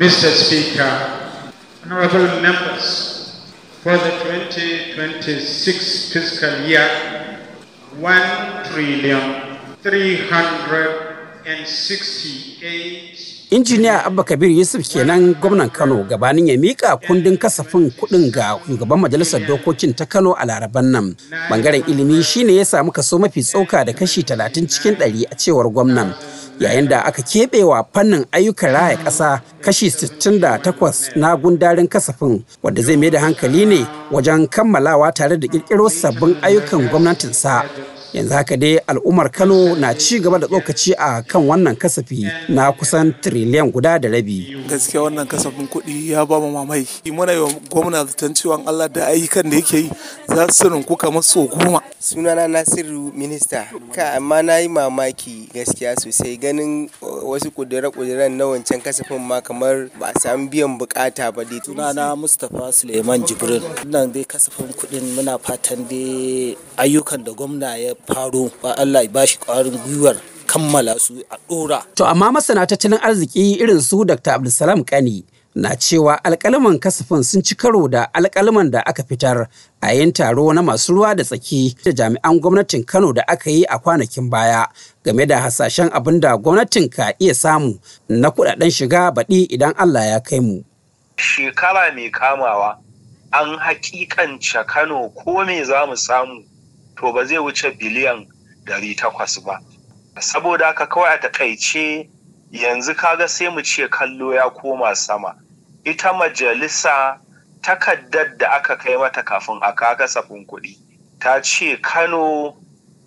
Mr. Speaker, honorable members, for the 2026 fiscal year, 1 trillion 368 injiniya abba kabir yusuf kenan gwamnan kano gabanin ya mika kundin kasafin kudin ga shugaban majalisar dokokin ta kano a laraban nan bangaren ilimi shine ya samu kaso mafi tsoka da kashi 30 cikin 100 a cewar gwamnan yayin da aka keɓewa fannin ayyukan raya Kasa, kashi 68 na gundarin kasafin wanda zai mai da hankali ne wajen kammalawa tare da kirkiro sabbin ayyukan gwamnatinsa yanzu haka dai al'ummar kano na ci gaba da tsokaci a kan wannan kasafi na kusan triliyan guda da rabi gaskiya wannan kasafin kuɗi ya ba mu mamaki muna yi wa gwamna zaton cewa allah da ayyukan da yake yi za su rinku kamar so goma sunana Nasiru Minista. Ka amma na yi mamaki gaskiya sosai ganin uh, wasu kudura-kuduran na wancan kasafin ma kamar ba a sami biyan bukata ba dai. Sunana Mustapha Suleiman Jibril. Nan dai kasafin kuɗin muna fatan dai ayyukan da gwamna ya faro ba Allah ba shi kwarin gwiwar kammala su a ɗora. To amma masana tattalin arziki irin su Dr. Abdulsalam Kani na cewa alkalaman kasafin sun ci karo da alkalaman da aka fitar a yin taro na masu ruwa da tsaki da jami'an gwamnatin kano da aka yi a kwanakin baya game da hasashen abin da gwamnatin ka iya samu na kudaden shiga baɗi idan allah ya kai mu shekara mai kamawa an hakikance kano ko me za mu samu to ba zai wuce biliyan ɗari takwas ba saboda ka kawai a takaice yanzu kaga sai mu ce kallo ya koma sama ita majalisa takaddar da aka kai mata kafin a kaga kasafin kuɗi ta ce kano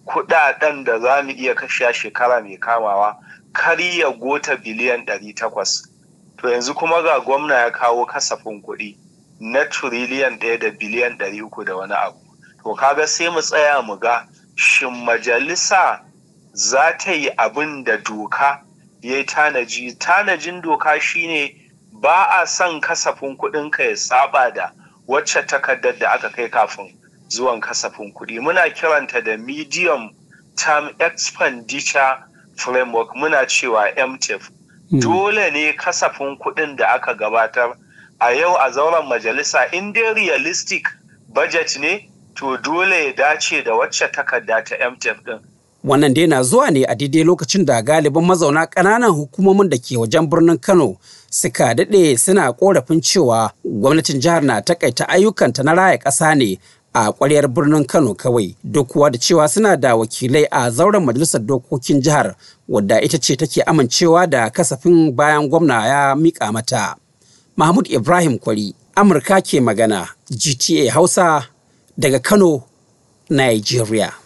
kuɗaɗen da za mu iya kashe shekara mai kamawa kar ya gota biliyan ɗari takwas, to yanzu kuma ga gwamna ya kawo kasafin kuɗi na tiriliyan ɗaya da biliyan ɗari uku da wani abu to kaga sai mu tsaya mu ga shin majalisa za ta yi abin da doka ya yi tanaji tanajin doka shine ba a son kasafin kuɗinka ya saba da wacce takardar da aka kai kafin zuwan kasafin kuɗi muna kiranta da medium term expenditure framework muna cewa mtf hmm. dole ne kasafin kuɗin da aka gabatar a yau a zauren majalisa in dai realistic budget ne to dole ya dace da wacce takarda ta mtf din Wannan dai na zuwa ne a daidai lokacin da galibin mazauna ƙananan hukumomin da ke wajen birnin Kano suka daɗe suna ƙorafin cewa gwamnatin jihar na takaita ayyukanta na raya ƙasa ne a ƙwaryar birnin Kano kawai duk kuwa da cewa suna da wakilai a zauren majalisar dokokin jihar wadda ita ce take amincewa da kasafin bayan gwamna ya miƙa mata. Mahmud Ibrahim Kwari, Amurka ke magana, GTA Hausa daga Kano, Nigeria.